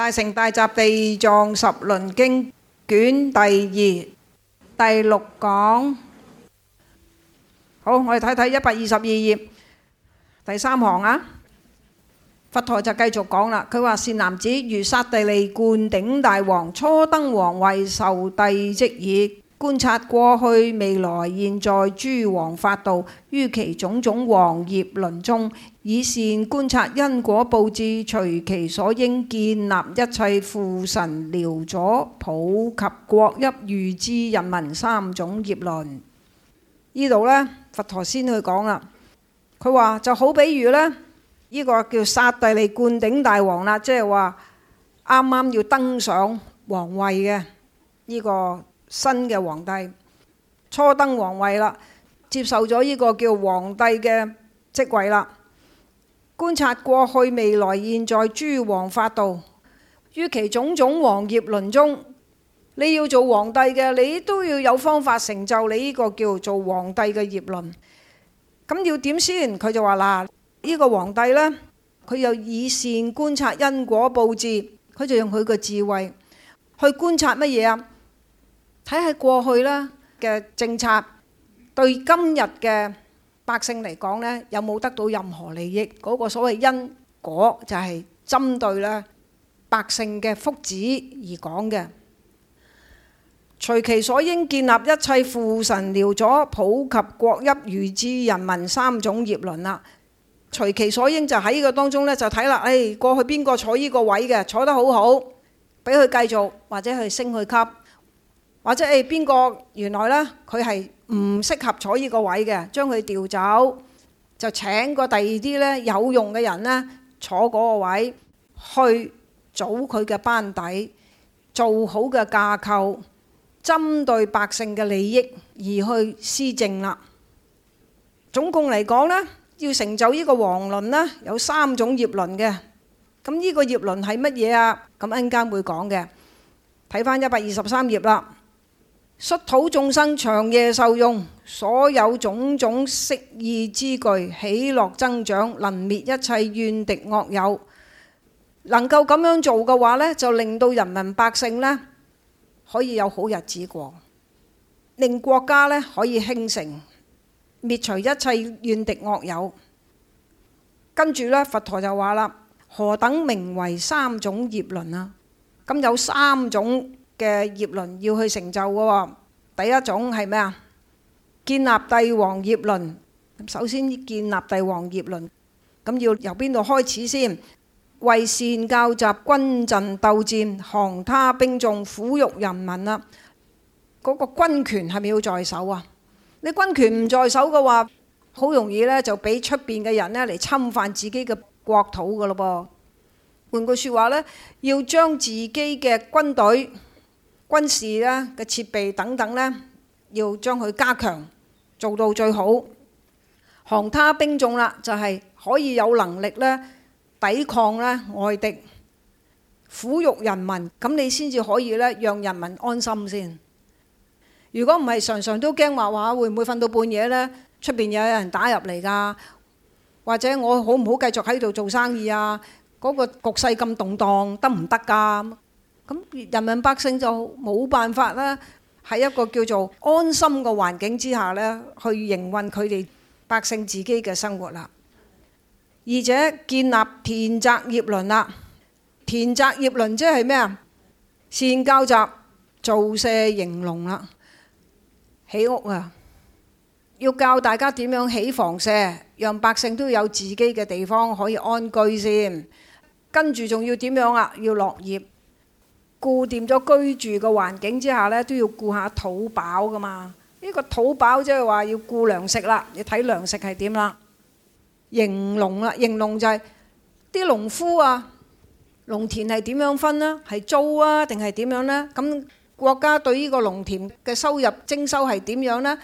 大乘大集地藏十輪經卷第二，第六講，好，我哋睇睇一百二十二頁第三行啊，佛陀就繼續講啦，佢話，善男子，如剎帝利灌頂大王，初登王位，受帝職已。觀察過去、未來、現在諸王法道，於其種種王業輪中，以善觀察因果報智，隨其所應建立一切輔臣僚佐、普及國邑、愚智人民三種業輪。呢度呢，佛陀先去講啦。佢話就好比，比如呢，呢個叫剎帝利灌頂大王啦，即係話啱啱要登上王位嘅呢、這個。新嘅皇帝初登皇位啦，接受咗呢個叫皇帝嘅職位啦。觀察過去、未來、現在諸王法道，於其種種王業輪中，你要做皇帝嘅，你都要有方法成就你呢個叫做皇帝嘅業輪。咁要點先？佢就話嗱，呢、這個皇帝呢，佢又以善觀察因果報智，佢就用佢嘅智慧去觀察乜嘢啊？睇下過去啦嘅政策對今日嘅百姓嚟講咧，有冇得到任何利益？嗰個所謂因果就係針對咧百姓嘅福祉而講嘅。隨其所應，建立一切輔臣僚佐，普及國邑愚智人民三種業輪啦。隨其所應就喺呢個當中咧就睇啦，誒過去邊個坐呢個位嘅，坐得好好，俾佢繼續或者佢升佢級。或者誒邊個原來呢？佢係唔適合坐呢個位嘅，將佢調走，就請個第二啲咧有用嘅人呢坐嗰個位，去組佢嘅班底，做好嘅架構，針對百姓嘅利益而去施政啦。總共嚟講呢要成就呢個王輪呢，有三種業輪嘅。咁呢個業輪係乜嘢啊？咁陣間會講嘅，睇翻一百二十三頁啦。率土眾生長夜受用，所有種種適意資具，喜樂增長，能滅一切怨敵惡友。能夠咁樣做嘅話咧，就令到人民百姓咧可以有好日子過，令國家咧可以興盛，滅除一切怨敵惡友。跟住咧，佛陀就話啦：何等名為三種業輪啊？咁有三種。嘅業輪要去成就嘅喎，第一種係咩啊？建立帝王業輪，首先建立帝王業輪，咁要由邊度開始先？謂善教習軍陣鬥戰，降他兵眾，撫育人民啊。嗰個軍權係咪要在手啊？你軍權唔在手嘅話，好容易呢就俾出邊嘅人呢嚟侵犯自己嘅國土嘅咯噃。換句說話呢，要將自己嘅軍隊。軍事呢嘅設備等等呢，要將佢加強，做到最好。降他兵眾啦，就係可以有能力呢抵抗呢外敵，撫育人民，咁你先至可以呢讓人民安心先。如果唔係，常常都驚話話會唔會瞓到半夜呢？出邊有有人打入嚟噶，或者我好唔好繼續喺度做生意啊？嗰個局勢咁動盪，得唔得噶？咁人民百姓就冇辦法啦，喺一個叫做安心嘅環境之下呢，去營運佢哋百姓自己嘅生活啦。而且建立田宅業輪啦，田宅業輪即係咩啊？善教習造舍營農啦，起屋啊，要教大家點樣起房舍，讓百姓都有自己嘅地方可以安居先。跟住仲要點樣啊？要落葉。顧掂咗居住嘅環境之下咧，都要顧下土飽噶嘛。呢、這個土飽即係話要顧糧食啦，你睇糧食係點啦？營農啦，營農就係啲農夫啊，農田係點樣分啦？係租啊定係點樣呢？咁國家對呢個農田嘅收入徵收係點樣呢？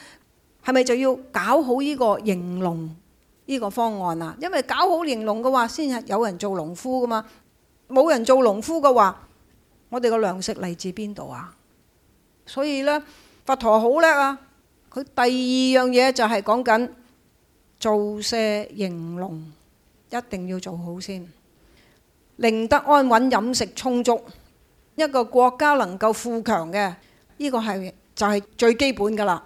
係咪就要搞好呢個營農呢個方案啊？因為搞好營農嘅話，先係有人做農夫噶嘛。冇人做農夫嘅話，我哋個糧食嚟自邊度啊？所以呢，佛陀好叻啊！佢第二樣嘢就係講緊造舍營農，一定要做好先，令得安隱飲食充足。一個國家能夠富強嘅，呢、這個係就係、是、最基本噶啦。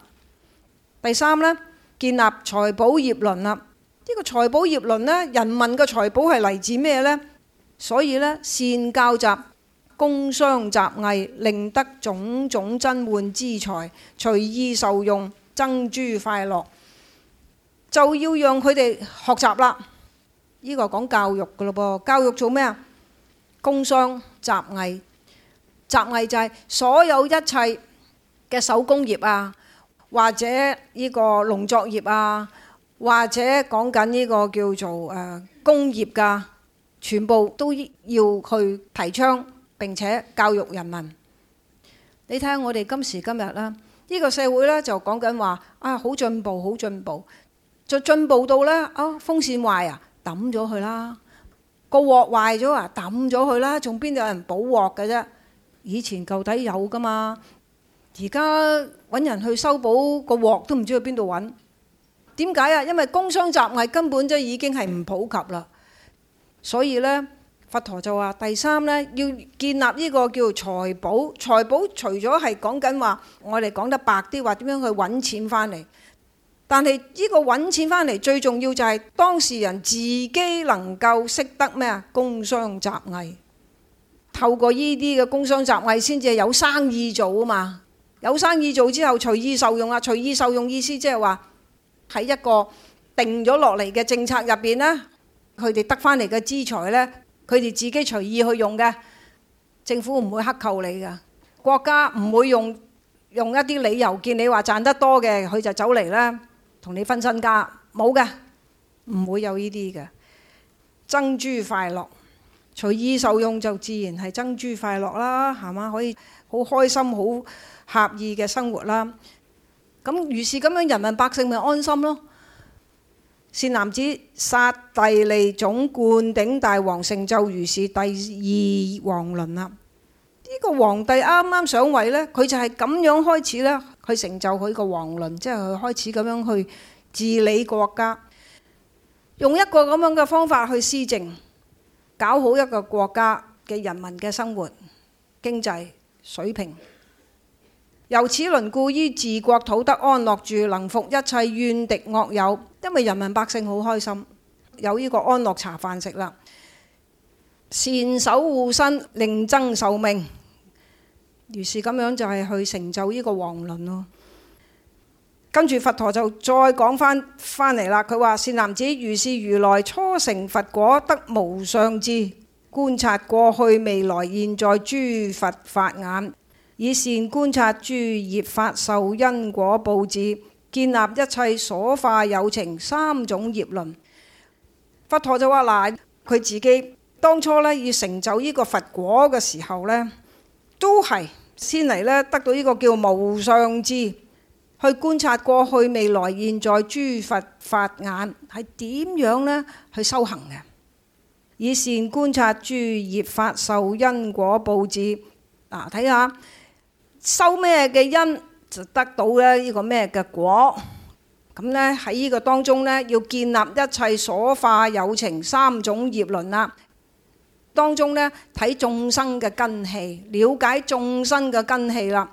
第三呢，建立財寶業輪啦。呢、這個財寶業輪呢，人民嘅財寶係嚟自咩呢？所以呢，善教習。工商雜藝，令得種種珍玩之財隨意受用，增諸快樂，就要讓佢哋學習啦。呢個講教育噶咯噃，教育做咩啊？工商雜藝，雜藝就係所有一切嘅手工業啊，或者呢個農作業啊，或者講緊呢個叫做誒工業噶，全部都要去提倡。並且教育人民。你睇下我哋今時今日啦，呢個社會咧就講緊話啊好進步，好進步，就進步到咧啊風扇壞啊抌咗佢啦，個鑊壞咗啊抌咗佢啦，仲邊度有人補鑊嘅啫？以前舊底有噶嘛，而家揾人去修補個鑊都唔知去邊度揾，點解啊？因為工商雜藝根本就已經係唔普及啦，所以咧。佛陀就話：第三咧，要建立呢個叫做財寶。財寶除咗係講緊話，我哋講得白啲，話點樣去揾錢翻嚟。但係呢個揾錢翻嚟最重要就係當事人自己能夠識得咩啊？工商雜藝，透過呢啲嘅工商雜藝先至係有生意做啊嘛。有生意做之後，隨意受用啊！隨意受用意思即係話喺一個定咗落嚟嘅政策入邊呢，佢哋得翻嚟嘅資財呢。佢哋自己隨意去用嘅，政府唔會克扣你㗎，國家唔會用用一啲理由見你話賺得多嘅，佢就走嚟啦，同你分身家，冇嘅，唔會有呢啲嘅，增諸快樂，隨意受用就自然係增諸快樂啦，係嘛？可以好開心、好合意嘅生活啦，咁於是咁樣人民百姓咪安心咯。善男子，剎帝利種灌頂大王成就如是第二王輪啦。呢個皇帝啱啱上位咧，佢就係咁樣開始咧，去成就佢個王輪，即係佢開始咁樣去治理國家，用一個咁樣嘅方法去施政，搞好一個國家嘅人民嘅生活經濟水平。由此輪故，於自國土得安樂住，能伏一切怨敵惡友。因為人民百姓好開心，有呢個安樂茶飯食啦，善守護身，令增壽命。於是咁樣就係去成就呢個王輪咯。跟住佛陀就再講翻翻嚟啦，佢話善男子如是如來初成佛果得無上智，觀察過去未來現在諸佛法眼，以善觀察諸業法受因果報智。建立一切所化有情三種業輪。佛陀就話：嗱，佢自己當初咧要成就呢個佛果嘅時候咧，都係先嚟咧得到呢個叫無上智，去觀察過去、未來、現在諸佛法眼係點樣咧去修行嘅，以善觀察諸業法受因果報智。嗱，睇下收咩嘅因，就得到咧呢個咩嘅果？咁咧喺呢個當中咧，要建立一切所化有情三種業輪啦。當中咧睇眾生嘅根器，瞭解眾生嘅根器啦，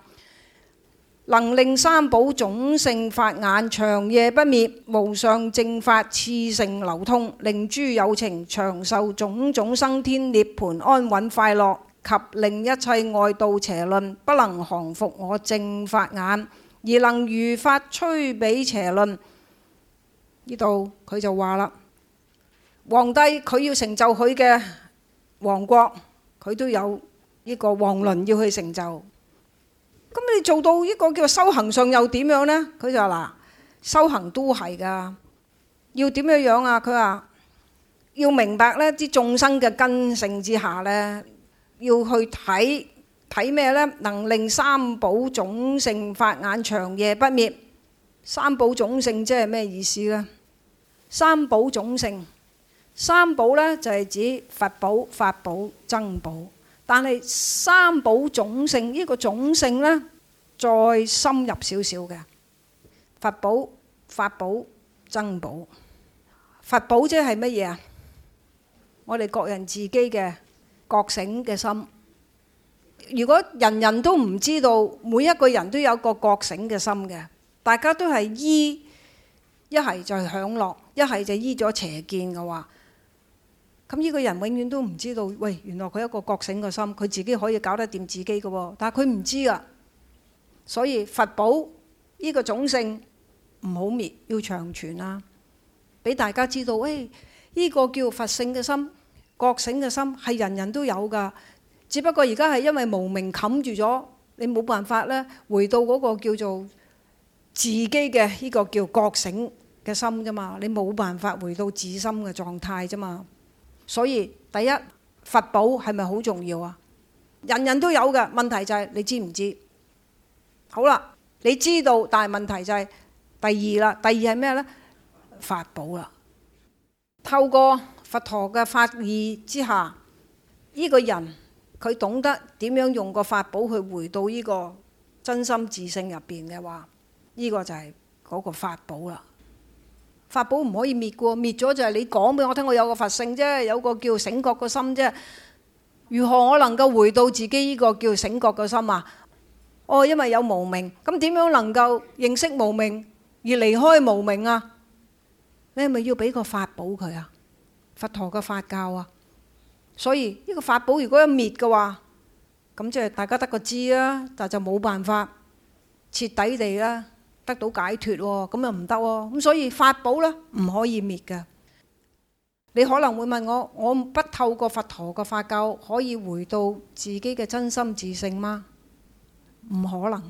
能令三寶種性法眼長夜不滅，無上正法熾盛流通，令諸有情長受種種生天涅槃安隱快樂。及令一切外道邪論，不能降伏我正法眼，而能如法摧彼邪論。呢度佢就話啦，皇帝佢要成就佢嘅王國，佢都有呢個王輪要去成就。咁你做到呢個叫修行上又點樣咧？佢就話嗱，修行都係噶，要點樣樣啊？佢話要明白咧，啲眾生嘅根性之下咧。要去睇睇咩咧？能令三寶種性法眼長夜不滅。三寶種性即係咩意思咧？三寶種性，三寶咧就係指佛寶、法寶、僧寶。但係三寶種性呢個種性咧，再深入少少嘅佛寶、法寶、僧寶。佛寶即係乜嘢啊？我哋各人自己嘅。覺醒嘅心，如果人人都唔知道，每一個人都有個覺醒嘅心嘅，大家都係依一係就享樂，一係就依咗邪見嘅話，咁呢個人永遠都唔知道，喂，原來佢一個覺醒嘅心，佢自己可以搞得掂自己嘅，但係佢唔知啊，所以佛寶呢個種性唔好滅，要長存啊，俾大家知道，誒，呢個叫佛性嘅心。覺醒嘅心係人人都有噶，只不過而家係因為無明冚住咗，你冇辦法咧回到嗰個叫做自己嘅呢、這個叫覺醒嘅心啫嘛，你冇辦法回到自心嘅狀態啫嘛。所以第一佛寶係咪好重要啊？人人都有嘅問題就係、是、你知唔知？好啦，你知道，但係問題就係第二啦。第二係咩咧？法寶啦，透過。佛陀嘅法意之下，呢個人佢懂得點樣用個法寶去回到呢個真心自性入邊嘅話，呢個就係嗰個法寶啦。法寶唔可以滅嘅喎，滅咗就係你講俾我聽，我有個佛性啫，有個叫醒覺個心啫。如何我能夠回到自己呢個叫醒覺個心啊？哦，因為有無明，咁點樣能夠認識無明，而離開無明啊？你係咪要俾個法寶佢啊？佛陀嘅法教啊，所以呢、這個法寶如果一滅嘅話，咁即係大家得個知啦、啊，但就冇辦法徹底地啦得到解脫、啊，咁又唔得，咁所以法寶呢，唔可以滅嘅。你可能會問我，我不透過佛陀嘅法教可以回到自己嘅真心自性嗎？唔可能，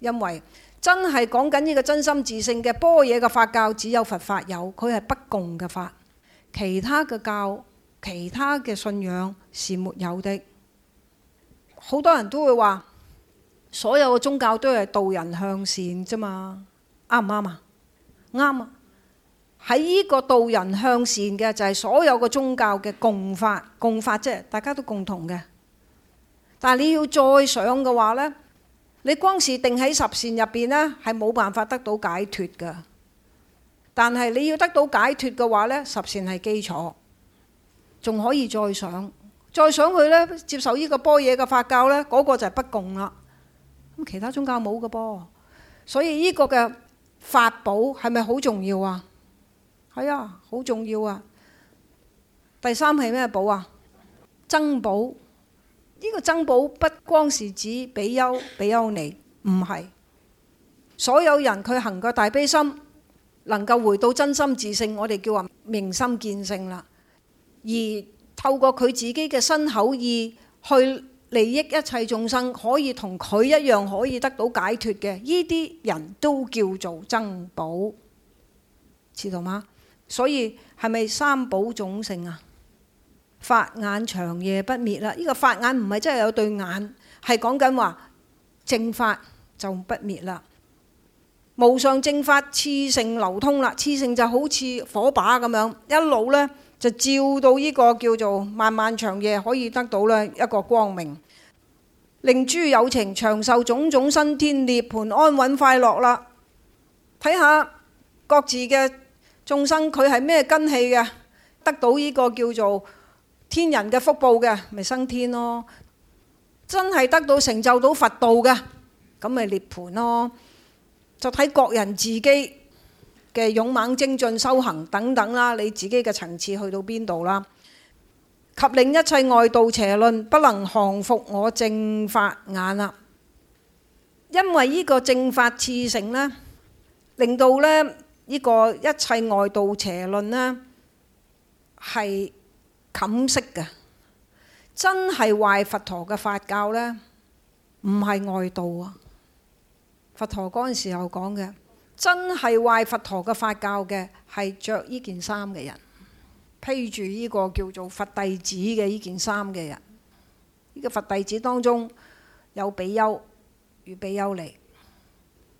因為真係講緊呢個真心自性嘅般若嘅法教，只有佛法有，佢係不共嘅法。其他嘅教，其他嘅信仰是沒有的。好多人都會話，所有嘅宗教都係導人向善啫嘛，啱唔啱啊？啱啊！喺呢個導人向善嘅就係、是、所有嘅宗教嘅共法、共法啫，大家都共同嘅。但係你要再想嘅話咧，你光是定喺十善入邊咧，係冇辦法得到解脱噶。但係你要得到解脫嘅話呢，十善係基礎，仲可以再想，再想佢呢，接受呢個般若嘅法教呢，嗰、嗰個就係不共啦。咁其他宗教冇嘅噃，所以呢個嘅法寶係咪好重要啊？係啊，好重要啊！第三係咩寶啊？僧寶呢、呢個僧寶不光是指比丘、比丘尼，唔係，所有人佢行過大悲心。能夠回到真心自性，我哋叫話明心見性啦。而透過佢自己嘅身口意去利益一切眾生，可以同佢一樣可以得到解脫嘅，呢啲人都叫做增寶，知道嘛？所以係咪三寶種性啊？法眼長夜不滅啦，呢個法眼唔係真係有對眼，係講緊話正法就不滅啦。無上正法熾盛流通啦，熾盛就好似火把咁樣，一路呢就照到呢個叫做漫漫長夜可以得到咧一個光明，令諸有情長受種種生天涅槃安穩快樂啦。睇下各自嘅眾生，佢係咩根器嘅，得到呢個叫做天人嘅福報嘅，咪生天咯。真係得到成就到佛道嘅，咁咪涅槃咯。就睇各人自己嘅勇猛精進修行等等啦，你自己嘅層次去到邊度啦？及令一切外道邪論不能降伏我正法眼啦，因為呢個正法熾盛呢，令到呢呢個一切外道邪論呢，係冚熄嘅，真係壞佛陀嘅法教呢，唔係外道啊。佛陀嗰陣時候講嘅，真係壞佛陀嘅法教嘅，係着呢件衫嘅人，披住呢個叫做佛弟子嘅呢件衫嘅人。呢、這個佛弟子當中有比丘與比丘尼。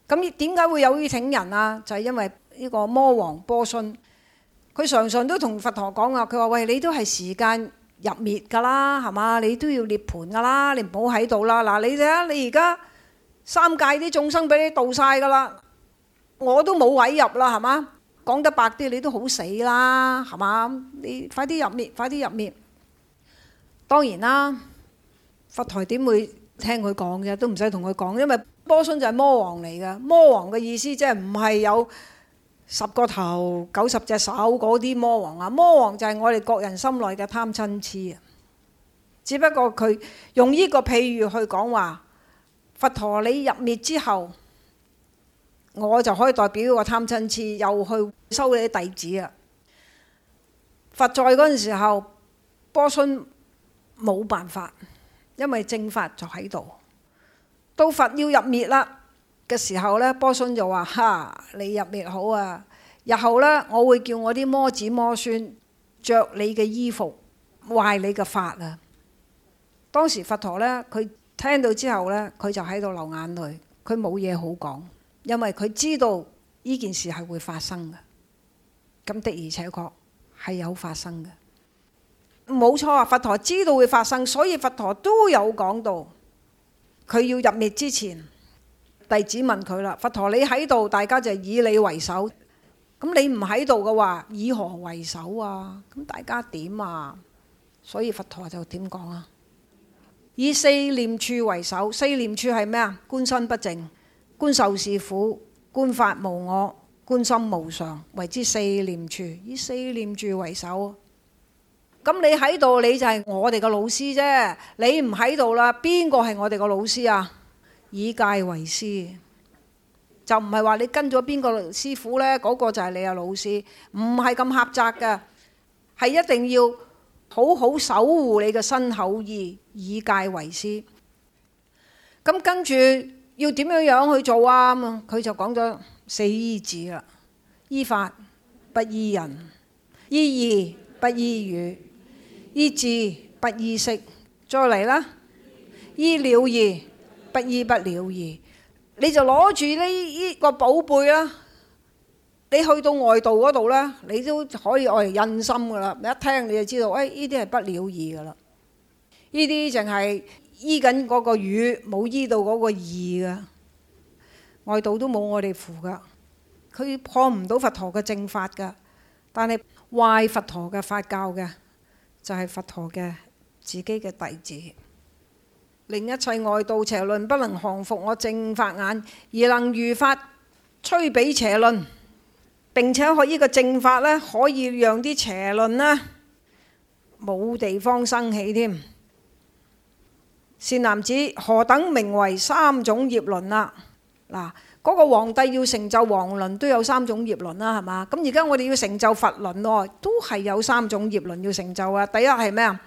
咁點解會有於請人啊？就係、是、因為呢個魔王波旬。佢常常都同佛陀講啊。佢話：喂，你都係時間入滅噶啦，係嘛？你都要涅槃噶啦，你唔好喺度啦。嗱，你睇下你而家。三界啲眾生俾你度晒噶啦，我都冇位入啦，係嘛？講得白啲，你都好死啦，係嘛？你快啲入滅，快啲入滅。當然啦，佛陀點會聽佢講嘅？都唔使同佢講，因為波旬就係魔王嚟嘅。魔王嘅意思即係唔係有十個頭、九十隻手嗰啲魔王啊？魔王就係我哋各人心內嘅貪嗔痴啊！只不過佢用呢個譬喻去講話。佛陀你入滅之後，我就可以代表個貪嗔痴，又去收你啲弟子啊！佛在嗰陣時候，波旬冇辦法，因為正法就喺度。到佛要入滅啦嘅時候呢，波旬就話：嚇，你入滅好啊！日後呢，我會叫我啲魔子魔孫着你嘅衣服，壞你嘅法啊！當時佛陀呢，佢聽到之後呢，佢就喺度流眼淚。佢冇嘢好講，因為佢知道呢件事係會發生嘅。咁的而且確係有發生嘅，冇錯啊！佛陀知道會發生，所以佛陀都有講到。佢要入滅之前，弟子問佢啦：「佛陀你喺度，大家就以你為首。咁你唔喺度嘅話，以何為首啊？咁大家點啊？所以佛陀就點講啊？以四念處為首，四念處係咩啊？觀身不淨，觀受是苦，觀法無我，觀心無常，謂之四念處。以四念處為首，咁你喺度你就係我哋嘅老師啫。你唔喺度啦，邊個係我哋嘅老師啊？以戒為師，就唔係話你跟咗邊個師傅呢，嗰個就係你嘅老師，唔係咁狹窄嘅，係一定要。好好守護你嘅身口意，以戒為師。咁跟住要點樣樣去做啊？佢就講咗四依止啦：依法不依人，依義不依語，依智，不依識。再嚟啦，依了義不依不了義。你就攞住呢依個寶貝啦。你去到外道嗰度呢，你都可以我哋印心噶啦。一聽你就知道，哎，呢啲係不了義噶啦。呢啲淨係醫緊嗰個語，冇醫到嗰個義噶。外道都冇我哋符噶，佢破唔到佛陀嘅正法噶。但係壞佛陀嘅法教嘅，就係、是、佛陀嘅自己嘅弟子。令一切外道邪論不能降伏我正法眼，而能如法摧彼邪論。並且可依個正法呢，可以讓啲邪論呢冇地方生起添。善男子，何等名為三種業輪啊？嗱，嗰個皇帝要成就王輪都有三種業輪啦，係嘛？咁而家我哋要成就佛輪喎，都係有三種業輪要成就啊。第一係咩啊？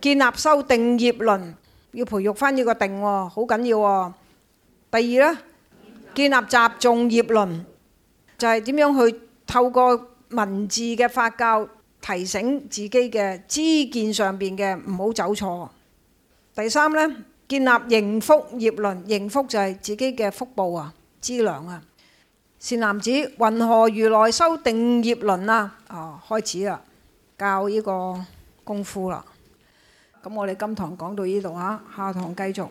建立修定業輪，要培育翻呢個定喎，好緊要喎。第二呢，建立習誦業輪。就係點樣去透過文字嘅法教提醒自己嘅知見上邊嘅唔好走錯。第三咧，建立營福業輪，營福就係自己嘅福報啊、資糧啊。善男子，云何如來修定業輪啊？哦，開始啦，教呢個功夫啦。咁我哋今堂講到呢度吓，下堂繼續。